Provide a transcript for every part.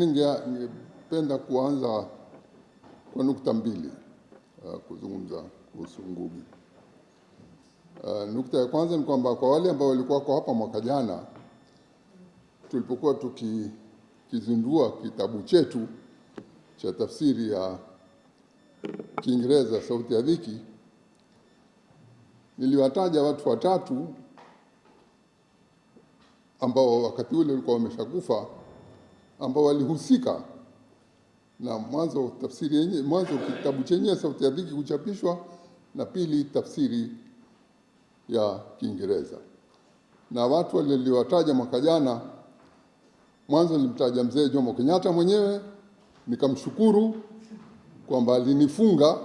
Ningependa kuanza kwa nukta mbili uh, kuzungumza kuhusu ngumi. Uh, nukta ya kwanza ni kwamba kwa wale ambao walikuwa kwa hapa mwaka jana tulipokuwa tukizindua kitabu chetu cha tafsiri ya Kiingereza Sauti ya Dhiki, niliwataja watu watatu ambao wakati ule walikuwa wameshakufa ambao walihusika na mwanzo tafsiri yenye mwanzo kitabu chenyewe Sauti ya Dhiki kuchapishwa na pili tafsiri ya Kiingereza. Na watu waliowataja mwaka jana, mwanzo nilimtaja mzee Jomo Kenyatta mwenyewe nikamshukuru kwamba alinifunga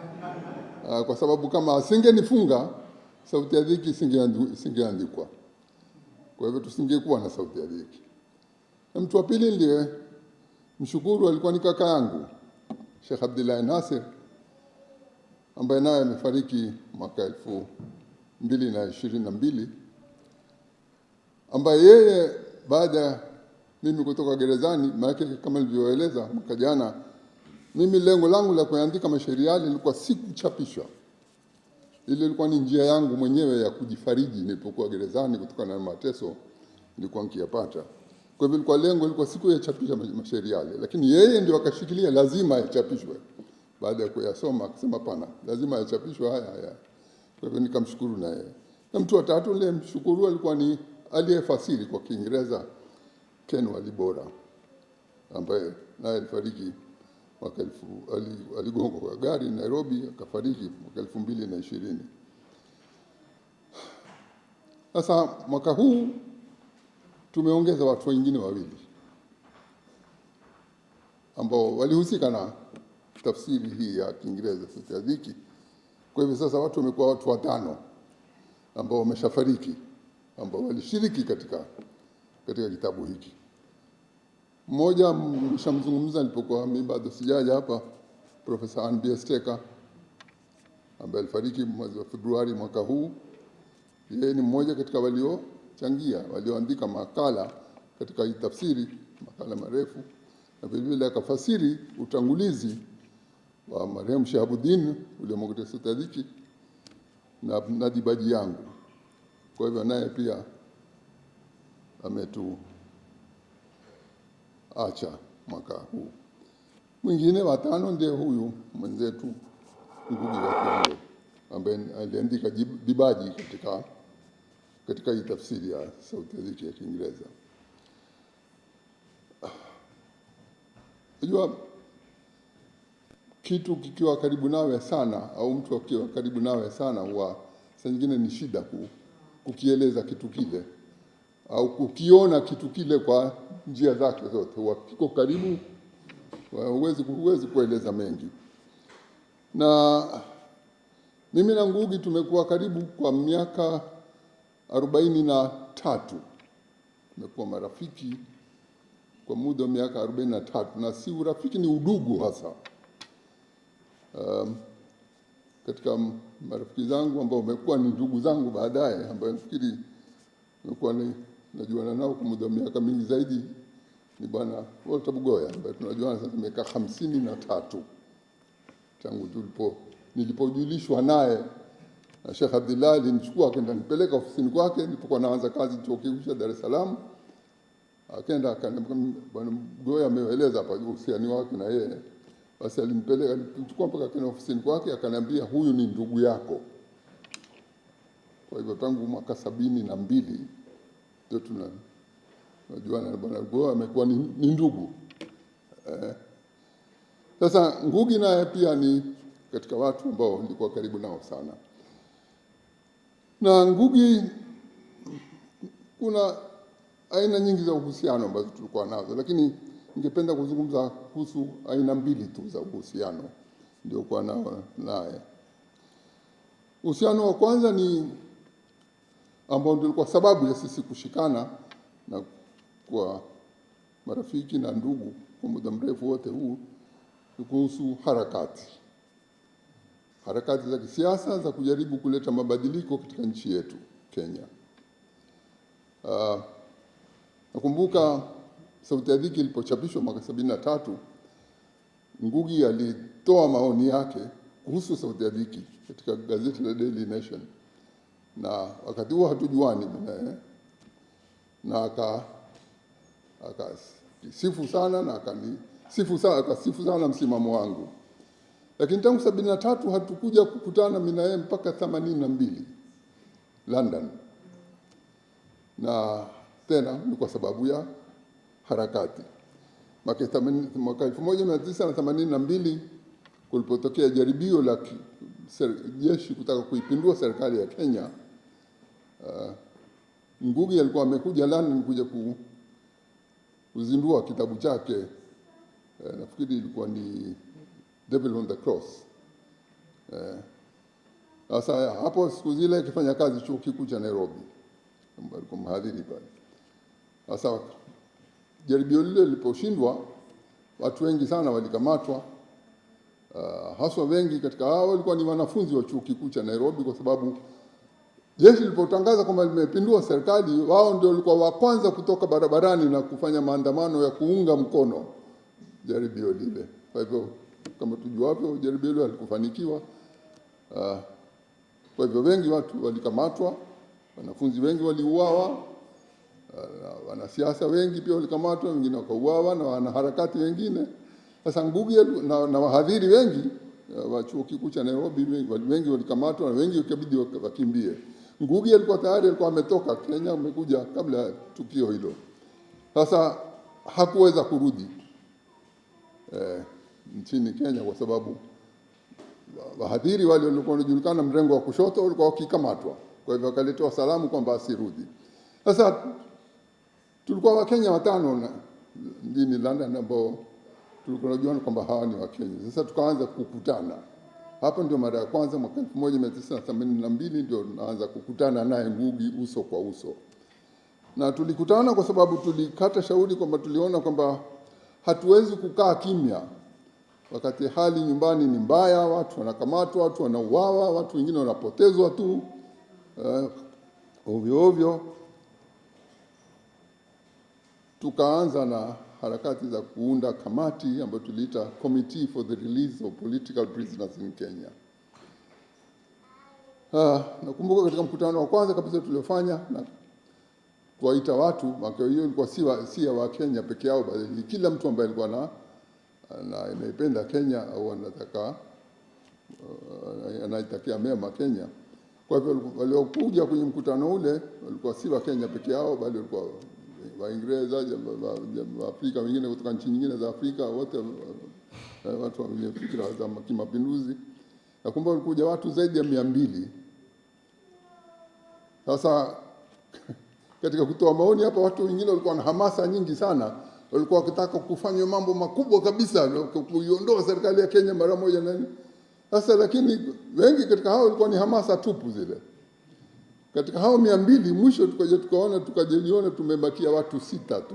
ah, kwa sababu kama asingenifunga Sauti ya Dhiki isingeandikwa. Kwa hivyo tusingekuwa na Sauti ya Dhiki. Mtu wa pili ndiye eh? mshukuru alikuwa ni kaka yangu Sheikh Abdullah Nasir ambaye naye amefariki mwaka elfu mbili na ishirini na mbili ambaye yeye baada ya mimi kutoka gerezani, maana kama nilivyoeleza mwaka jana, mimi lengo langu la kuandika mashairi yale lilikuwa si kuchapishwa. Ile ilikuwa ni njia yangu mwenyewe ya kujifariji nilipokuwa gerezani kutokana na mateso nilikuwa nikiyapata. Kwa hivyo ilikuwa lengo ilikuwa siku yachapisha mashairi yale, lakini yeye ndio akashikilia lazima yachapishwe. Baada ya kuyasoma akasema pana, lazima yachapishwe haya haya. Kwa hivyo nikamshukuru na yeye. Na mtu wa tatu ile mshukuru alikuwa ni aliyefasiri kwa Kiingereza Ken Walibora ambaye naye alifariki mwaka elfu aligongwa kwa gari Nairobi akafariki mwaka elfu mbili na ishirini. Sasa mwaka huu tumeongeza watu wengine wawili ambao walihusika na tafsiri hii ya Kiingereza ya dhiki. Kwa hivyo sasa watu wamekuwa watu watano ambao wameshafariki ambao walishiriki katika, katika kitabu hiki. Mmoja mshamzungumza nilipokuwa mimi bado sijaja hapa, Profesa Ann Steka ambaye alifariki mwezi wa Februari mwaka huu. Yeye ni mmoja katika walio changia walioandika makala katika hii tafsiri, makala marefu, na vilevile akafasiri utangulizi wa marehemu Shahabuddin uliomwongotesa Sadiki na nadibaji yangu. Kwa hivyo naye pia ametuacha mwaka huu. Mwingine watano ndiye huyu mwenzetu Ngugi wa Thiong'o ambaye aliandika dibaji katika katika hii tafsiri ya South Gazette ya Kiingereza. Unajua, kitu kikiwa karibu nawe sana au mtu akiwa karibu nawe sana, huwa saa nyingine ni shida kukieleza kitu kile au kukiona kitu kile kwa njia zake zote, huwa kiko karibu, huwezi huwezi kueleza mengi. Na mimi na Ngugi tumekuwa karibu kwa miaka arobaini na tatu tumekuwa marafiki kwa muda wa miaka arobaini na tatu na si urafiki, ni udugu hasa. Um, katika marafiki zangu ambao wamekuwa ni ndugu zangu baadaye, ambayo nafikiri nimekuwa najuana nao kwa muda wa miaka mingi zaidi ni Bwana Walter Bugoya ambaye tunajuana sasa miaka hamsini na tatu tangu tulipo nilipojulishwa naye na Sheikh Abdullah alinichukua akaenda nipeleka ofisini kwake nilipokuwa naanza kazi chuo kikuu cha Dar es Salaam. Akaenda bwana Mgoya ameeleza hapa uhusiano wake na yeye, basi alimpeleka alichukua mpaka kwenye ofisini kwake, akaniambia huyu ni ndugu yako. Kwa hivyo tangu mwaka sabini na mbili ndio tuna najua na bwana Mgoya, amekuwa ni, ni ndugu eh. Sasa Ngugi naye pia ni katika watu ambao nilikuwa karibu nao sana. Na Ngugi kuna aina nyingi za uhusiano ambazo tulikuwa nazo, lakini ningependa kuzungumza kuhusu aina mbili tu za uhusiano ndiokuwa nao naye. Uhusiano wa kwanza ni ambao ndio kwa sababu ya sisi kushikana na kwa marafiki na ndugu kwa muda mrefu wote huu kuhusu harakati harakati za kisiasa za kujaribu kuleta mabadiliko katika nchi yetu Kenya. Uh, nakumbuka Sauti ya Dhiki ilipochapishwa mwaka sabini na tatu, Ngugi alitoa maoni yake kuhusu Sauti ya Dhiki katika gazeti la Daily Nation, na wakati huo hatujuani eh, na akasifu sana na akasifu sana, akasifu sana msimamo wangu. Lakini tangu sabini na tatu hatukuja kukutana mimi na yeye mpaka themanini na mbili London, na tena ni kwa sababu ya harakati. Mwaka elfu moja mia tisa na themanini na mbili kulipotokea jaribio la jeshi kutaka kuipindua serikali ya Kenya, uh, Ngugi alikuwa amekuja London kuja kuzindua kitabu chake, uh, nafikiri ilikuwa ni devil on the cross. Eh? Sasa eh, hapo siku zile akifanya kazi chuo kikuu cha Nairobi, alikuwa mhadhiri pale. Sasa jaribio lile liliposhindwa, watu wengi sana walikamatwa. Uh, haswa wengi katika hao walikuwa ni wanafunzi wa chuo kikuu cha Nairobi, kwa sababu jeshi lilipotangaza kwamba limepindua serikali, wao ndio walikuwa wa kwanza kutoka barabarani na kufanya maandamano ya kuunga mkono jaribio lile. Kwa hivyo kama tujuavyo, jaribio halikufanikiwa. Uh, ah, kwa hivyo wengi watu walikamatwa, wanafunzi wengi waliuawa, ah, wanasiasa wengi pia walikamatwa, wengine wakauawa na wanaharakati wengine. Sasa Ngugi na, na wahadhiri wengi ah, wa chuo kikuu cha Nairobi wengi walikamatwa na wengi wakabidi wakimbie. Ngugi alikuwa tayari alikuwa ametoka Kenya, amekuja kabla ya tukio hilo. Sasa hakuweza kurudi eh nchini Kenya kwa sababu wahadhiri wale walikuwa wanajulikana mrengo wa kushoto walikuwa wakikamatwa, kwa hivyo wakaletewa salamu kwamba asirudi. Sasa tulikuwa Wakenya watano na mjini London ambao tulikuwa tunajuana kwamba hawa ni Wakenya. Sasa tukaanza kukutana hapo, ndio mara ya kwanza mwaka 1982 ndio tunaanza kukutana naye Ngugi uso kwa uso, na tulikutana kwa sababu tulikata shauri kwamba tuliona kwamba hatuwezi kukaa kimya wakati hali nyumbani ni mbaya, watu wanakamatwa, watu wanauawa, watu wengine wanapotezwa tu uh, ovyo ovyo. Tukaanza na harakati za kuunda kamati ambayo tuliita Committee for the Release of Political Prisoners in Kenya. Uh, nakumbuka katika mkutano wa kwanza kabisa tuliofanya na kuwaita watu, hiyo ilikuwa si ya Wakenya peke yao, bali kila mtu ambaye alikuwa na na inaipenda Kenya au anataka uh, anaitakia mema Kenya. Kwa hivyo waliokuja kwenye mkutano ule walikuwa si wa Kenya peke yao, bali walikuwa Waingereza, Waafrika wengine kutoka nchi nyingine za Afrika, wote uh, watu wenye fikra za kimapinduzi, na kumbe walikuja watu zaidi ya mia mbili. Sasa katika kutoa maoni hapa, watu wengine walikuwa na hamasa nyingi sana walikuwa wakitaka kufanya mambo makubwa kabisa, kuiondoa serikali ya Kenya mara moja nani sasa. Lakini wengi katika hao walikuwa ni hamasa tupu zile. Katika hao mia mbili mwisho tukaja tukaona tukajiona tumebakia watu sita tu,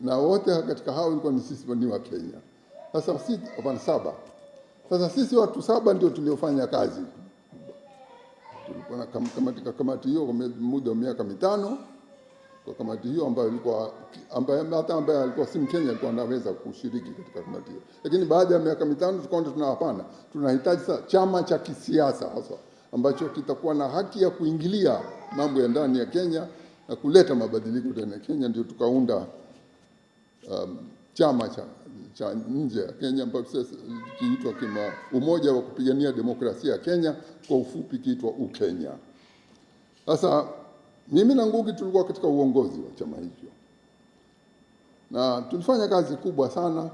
na wote katika hao walikuwa ni sisi ni wa Kenya. Sasa sisi hapana, saba. Sasa sisi watu saba ndio tuliofanya kazi, tulikuwa na kamati hiyo kwa muda wa miaka mitano kwa kamati hiyo ambayo ilikuwa ambaye hata ambaye alikuwa si Mkenya alikuwa anaweza kushiriki katika kamati hiyo, lakini baada ya miaka mitano tukaona tuna hapana, tunahitaji chama cha kisiasa hasa ambacho kitakuwa na haki ya kuingilia mambo ya ndani ya Kenya na kuleta mabadiliko ndani ya Kenya. Ndio tukaunda um, chama cha, cha nje ya Kenya ambacho sasa kiitwa kama Umoja wa Kupigania Demokrasia ya Kenya, kwa ufupi kiitwa Ukenya. Sasa mimi na Ngugi tulikuwa katika uongozi wa chama hicho na tulifanya kazi kubwa sana.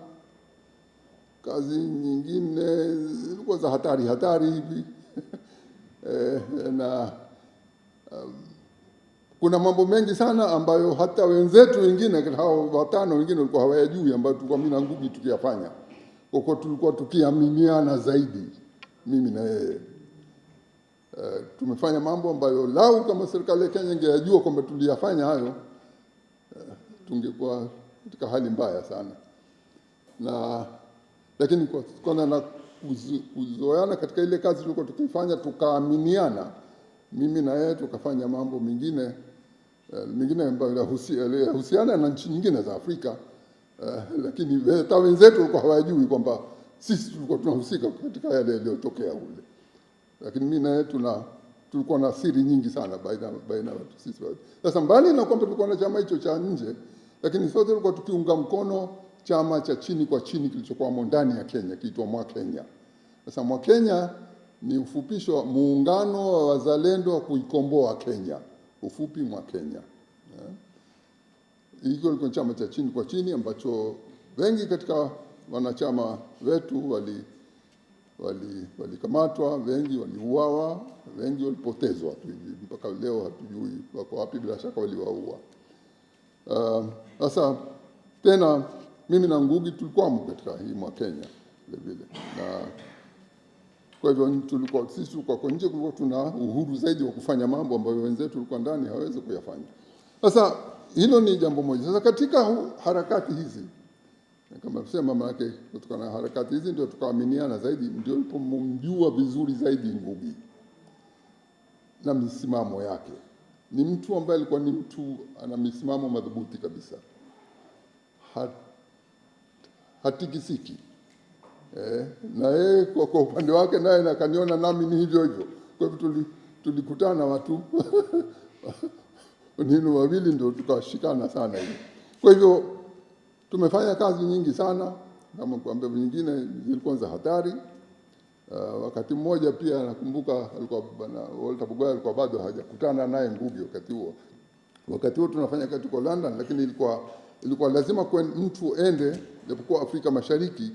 Kazi nyingine zilikuwa za hatari hatari hivi e, na um, kuna mambo mengi sana ambayo hata wenzetu wengine hao watano wengine walikuwa hawayajui ambayo tulikuwa mimi na Ngugi tukiyafanya, kwa kuwa tulikuwa tukiaminiana zaidi mimi na yeye. Eh, tumefanya mambo ambayo lau kama serikali ya Kenya ingeyajua kwamba tuliyafanya hayo, uh, tungekuwa katika hali mbaya sana na lakini kutokana na kuzoeana katika ile kazi tulikuwa tukifanya, tukaaminiana, mimi na yeye tukafanya mambo mengine uh, mengine ambayo yanahusiana na nchi nyingine za Afrika uh, lakini hata wenzetu walikuwa hawajui kwamba sisi tulikuwa tunahusika katika yale yaliyotokea ule lakini mimi naye tuna tulikuwa na siri nyingi sana baina baina watu sisi. Sasa mbali na kwamba tulikuwa na chama hicho cha nje, lakini sote tulikuwa tukiunga mkono chama cha chini kwa chini kilichokuwamo ndani ya Kenya kiitwa Mwa Kenya. Sasa Mwa Kenya ni ufupisho wa muungano wa wazalendo wa kuikomboa Kenya, ufupi Mwa Mwakenya. Eh? Hiyo ilikuwa chama cha chini kwa chini ambacho wengi katika wanachama wetu wali walikamatwa, wali wengi waliuawa, wengi walipotezwa, mpaka leo hatujui wako wapi. Bila shaka waliwaua. Ah, sasa uh, tena mimi na Ngugi tulikwamo katika hii mwa Kenya vilevile, na kwa hivyo tulikuwa sisi tukako nje, kulikuwa tuna uhuru zaidi wa kufanya mambo ambayo wenzetu walikuwa ndani hawawezi kuyafanya. Sasa hilo ni jambo moja. Sasa katika harakati hizi kama mama yake kutokana na harakati hizi ndio tukaaminiana zaidi, ndio nilipomjua vizuri zaidi Ngugi na misimamo yake. Ni mtu ambaye alikuwa ni mtu ana misimamo madhubuti kabisa, Hat, hatikisiki eh, na yeye kwa, kwa upande wake naye nakaniona nami ni hivyo hivyo. Kwa hivyo tulikutana watu nini wawili ndio tukashikana sana hivi, kwa hivyo Tumefanya kazi nyingi sana kama kuambia, nyingine zilikuwa za hatari. Uh, wakati mmoja pia nakumbuka alikuwa bwana Walter Bugoya alikuwa bado hajakutana naye Ngugi wakati huo. Wakati huo tunafanya kazi kwa London, lakini ilikuwa ilikuwa lazima kwen, mtu ende japokuwa Afrika Mashariki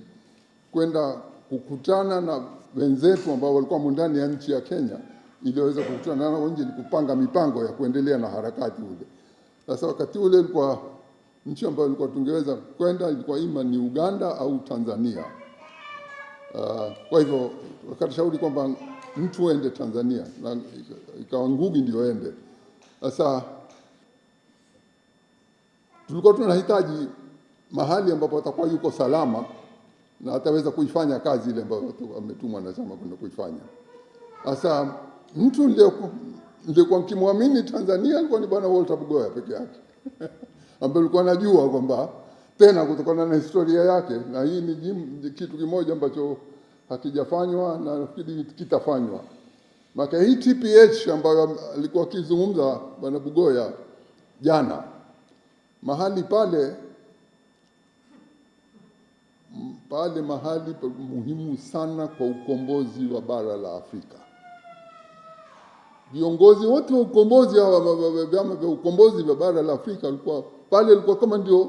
kwenda kukutana na wenzetu ambao walikuwa ndani ya nchi ya Kenya iliyoweza kukutana nao nje kupanga mipango ya kuendelea na harakati ule. Sasa wakati ule ilikuwa nchi ambayo ilikuwa tungeweza kwenda ilikuwa ima ni Uganda au Tanzania. Uh, kwa hivyo wakatashauri kwamba mtu ende Tanzania na ikawa Ngugi ndio ende. Sasa tulikuwa tunahitaji mahali ambapo atakuwa yuko salama na ataweza kuifanya kazi ile ambayo ametumwa na chama kwenda kuifanya. Sasa mtu nilikuwa mkimwamini Tanzania alikuwa ni Bwana Walter Bugoya peke yake. ambayo alikuwa najua kwamba tena kutokana na historia yake, na hii ni kitu kimoja ambacho hakijafanywa na nafikiri kitafanywa. Maka hii TPH ambayo alikuwa akizungumza Bwana Bugoya jana, mahali pale pale mahali muhimu sana kwa ukombozi wa bara la Afrika viongozi wote wa ukombozi hawa vyama vya ukombozi vya bara la Afrika walikuwa pale, walikuwa kama ndio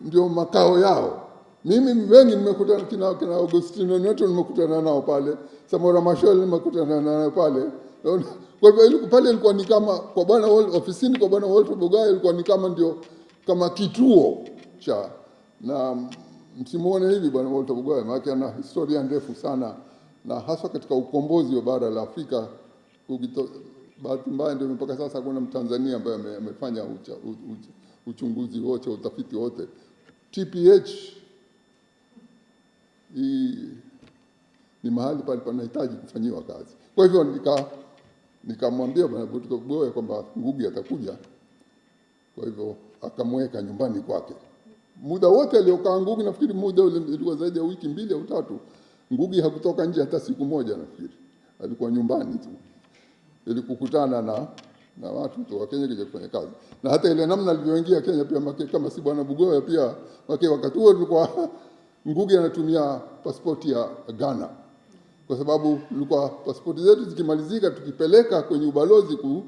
ndio makao yao. Mimi wengi nimekutana kina, kina Augustino Neto nimekutana nao pale, Samora Machel nimekutana nao pale. Kwa hivyo pale ilikuwa ni kama kwa bwana ofisini kwa bwana Walter Bogai ilikuwa ni kama ndio kama kituo cha na msimuone hivi bwana Walter Bogai, maana ana historia ndefu sana na hasa katika ukombozi wa bara la Afrika bahati mbaya ndio mpaka sasa hakuna Mtanzania ambaye amefanya ucha, uch, uchunguzi wote utafiti wote TPH i, ni mahali pale panahitaji kufanyiwa kazi. Kwa hivyo nika nikamwambia Bwana Goe kwamba Ngugi atakuja, kwa hivyo akamweka nyumbani kwake. Muda wote aliokaa Ngugi, nafikiri muda ule ulikuwa zaidi ya wiki mbili au tatu, Ngugi hakutoka nje hata siku moja, nafikiri alikuwa nyumbani tu ili kukutana na na watu tu wa Kenya kija kufanya kazi. Na hata ile namna alivyoingia Kenya pia make kama si bwana Bugoya pia make wakati huo tulikuwa Ngugi anatumia pasipoti ya Ghana. Kwa sababu tulikuwa pasipoti zetu zikimalizika tukipeleka kwenye ubalozi ku,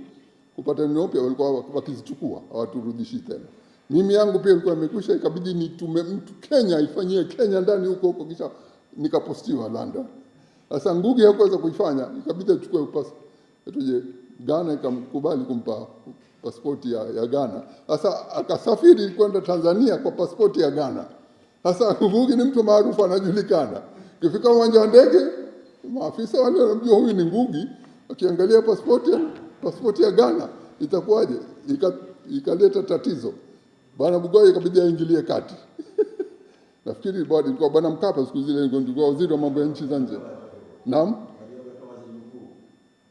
kupata neno pia walikuwa wakizichukua hawaturudishi tena. Mimi yangu pia ilikuwa imekwisha ikabidi nitume mtu Kenya ifanyie Kenya ndani huko huko kisha nikapostiwa London. Sasa Ngugi hakuweza kuifanya ikabidi achukue pasipoti tuje Ghana ikamkubali kumpa pasipoti ya, ya Ghana. Sasa akasafiri kwenda Tanzania kwa pasipoti ya Ghana. Sasa Ngugi ni mtu maarufu anajulikana. Kifika uwanja wa ndege, maafisa wale wanamjua huyu ni Ngugi, akiangalia pasipoti pasipoti ya Ghana itakuwaje? Ikaleta ika tatizo. Bwana Bugoi ikabidi aingilie kati. Nafikiri bwana Mkapa siku zile ndio waziri wa mambo ya nchi za nje. Naam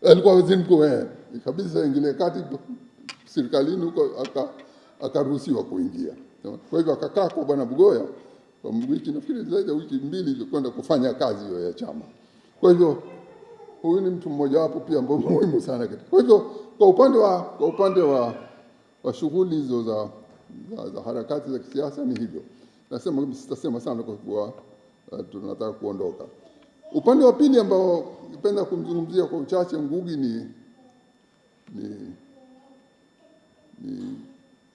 alikuwa waziri mkuu eh, kabisa, ingilie kati serikalini huko, akaruhusiwa kuingia. Kwa hivyo akakaa kwa bwana Bugoya kwa wiki, nafikiri zaidi ya wiki mbili, ilikwenda kufanya kazi hiyo ya chama. Kwa hivyo huyu ni mtu mmojawapo pia ambao muhimu sana Kwa hivyo kwa upande wa, kwa upande wa, wa shughuli hizo za, za, za harakati za kisiasa ni hivyo, nasema sitasema sana kwa kuwa uh, tunataka kuondoka. Upande wa pili ambao nipenda kumzungumzia kwa uchache Ngugi ni, ni, ni,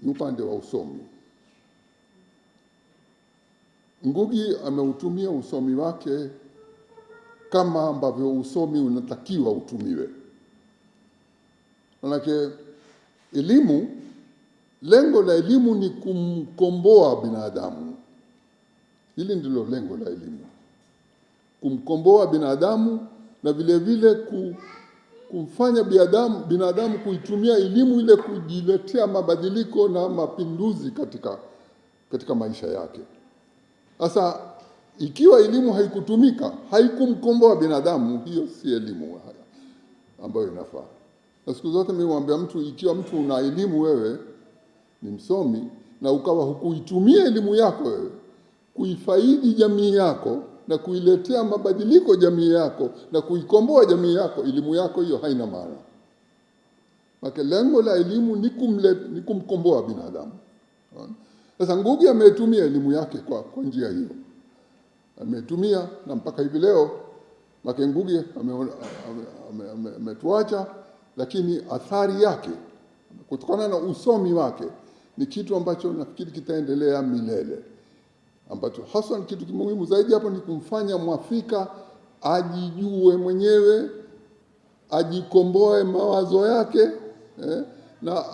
ni upande wa usomi. Ngugi ameutumia usomi wake kama ambavyo usomi unatakiwa utumiwe. Manake elimu, lengo la elimu ni kumkomboa binadamu. Hili ndilo lengo la elimu kumkomboa binadamu na vile vile kumfanya binadamu, binadamu kuitumia elimu ile kujiletea mabadiliko na mapinduzi katika, katika maisha yake. Sasa ikiwa elimu haikutumika, haikumkomboa binadamu, hiyo si elimu ambayo inafaa. Na siku zote mimi mwambia mtu, ikiwa mtu una elimu wewe ni msomi na ukawa hukuitumia elimu yako wewe kuifaidi jamii yako na kuiletea mabadiliko jamii yako na kuikomboa jamii yako, elimu yako hiyo haina maana. Maana lengo la elimu ni kumle, ni kumkomboa binadamu. Sasa Ngugi ametumia elimu yake kwa, kwa njia hiyo ametumia na mpaka hivi leo make Ngugi ametuacha ame, ame, lakini athari yake kutokana na usomi wake ni kitu ambacho nafikiri kitaendelea milele ambacho hasa kitu muhimu zaidi hapo ni kumfanya mwafrika ajijue mwenyewe, ajikomboe mawazo yake eh, na,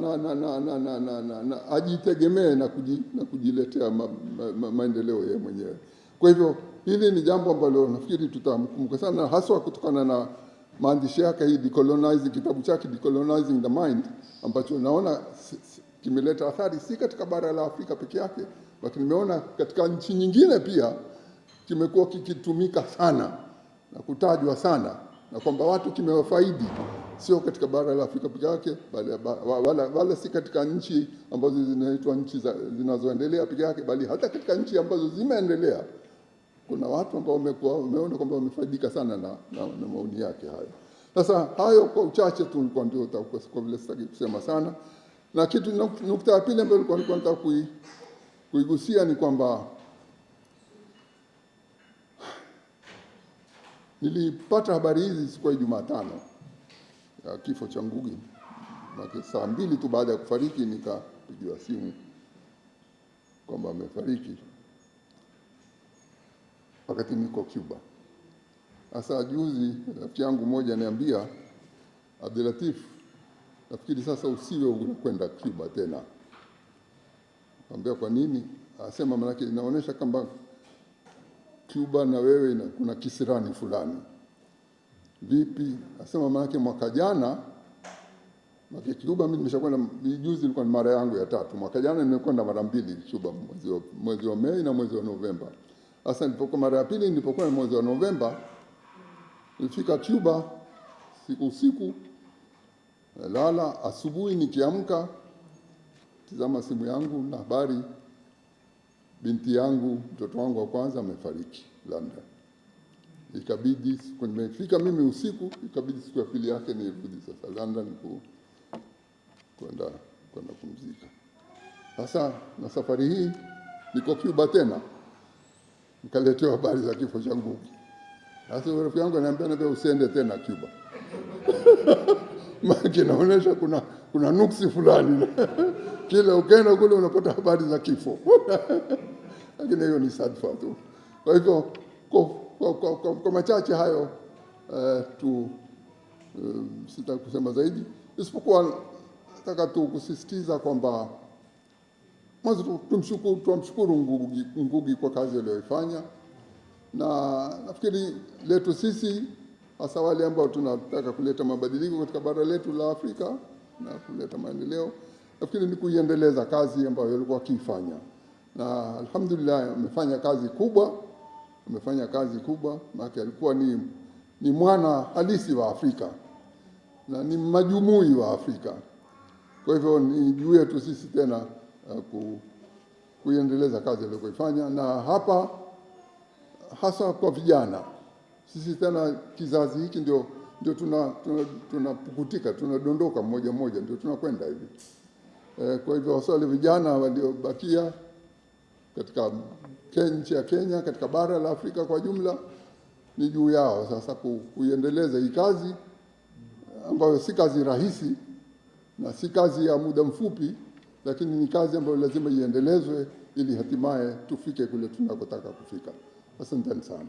na, na, na, na, na, na, na, na ajitegemee na, kuji, na kujiletea ma, ma, ma, maendeleo yeye mwenyewe. Kwa hivyo hili ni jambo ambalo nafikiri tutamkumbuka sana haswa kutokana na maandishi yake hii decolonizing, kitabu chake Decolonizing the Mind ambacho naona kimeleta athari si katika bara la Afrika peke yake lakini nimeona katika nchi nyingine pia kimekuwa kikitumika sana na kutajwa sana na kwamba watu kimewafaidi, sio katika bara la Afrika peke yake, bali wala, wala si katika nchi ambazo zinaitwa nchi zinazoendelea peke yake, bali hata katika nchi ambazo zimeendelea kuna watu ambao wamekuwa wameona kwamba wamefaidika sana na, na, na maoni yake hayo. Sasa hayo kwa uchache tu nilikuwa ndio kwa vile sitaki kusema sana, na kitu nukta ya pili ambayo nilikuwa nataka kui kuigusia ni kwamba nilipata habari hizi siku ya Jumatano ya kifo cha Ngugi make saa mbili tu baada ya kufariki nikapigiwa simu kwamba amefariki wakati niko Cuba. hasa juzi rafiki yangu mmoja niambia, Abdulatif, nafikiri sasa usiwe unakwenda Cuba tena. Kaambia kwa nini? Asema manake inaonyesha kwamba Cuba na wewe ina, kuna kisirani fulani. Vipi? Asema manake mwaka jana Maki Cuba mimi nimeshakwenda juzi ilikuwa ni mara yangu ya tatu. Mwaka jana nimekwenda mara mbili Cuba mwezi wa, mwezi wa Mei na mwezi wa Novemba. Sasa nilipokuwa mara ya pili nilipokuwa mwezi wa Novemba nilifika Cuba siku usiku lala, asubuhi nikiamka tazama simu yangu na habari, binti yangu, mtoto wangu wa kwanza amefariki London. Ikabidi siku nimefika mimi usiku, ikabidi siku ya pili yake nirudi sasa London ku kwenda kwenda kumzika. Sasa na safari hii niko Cuba tena, nikaletewa habari za kifo cha Ngugi. Sasa rafiki yangu ananiambia na usiende tena Cuba maana naonesha kuna kuna nuksi fulani kile ukenda kule unapata habari za kifo lakini hiyo ni sadfa tu. Kwa hivyo kwa machache hayo uh, tu um, sita kusema zaidi, isipokuwa nataka tu kusisitiza kwamba mwanzo tumshukuru, tumshukuru Ngugi, Ngugi kwa kazi aliyoifanya, na nafikiri letu sisi hasa wale ambao tunataka kuleta mabadiliko katika bara letu la Afrika na kuleta maendeleo lakini ni kuiendeleza kazi ambayo alikuwa akiifanya, na alhamdulillah amefanya kazi kubwa, amefanya kazi kubwa, maana alikuwa ni, ni mwana halisi wa Afrika na ni majumui wa Afrika. Kwa hivyo ni juu yetu sisi tena uh, ku, kuiendeleza kazi aliyokuifanya, na hapa hasa kwa vijana sisi tena kizazi hiki ndio ndio tunapukutika tuna tunadondoka mmoja mmoja, ndio tunakwenda hivi. Eh, kwa hivyo waswali vijana waliobakia katika nchi ya Kenya, katika bara la Afrika kwa jumla, ni juu yao sasa kuiendeleza hii kazi ambayo si kazi rahisi na si kazi ya muda mfupi, lakini ni kazi ambayo lazima iendelezwe ili hatimaye tufike kule tunakotaka kufika. Asanteni sana.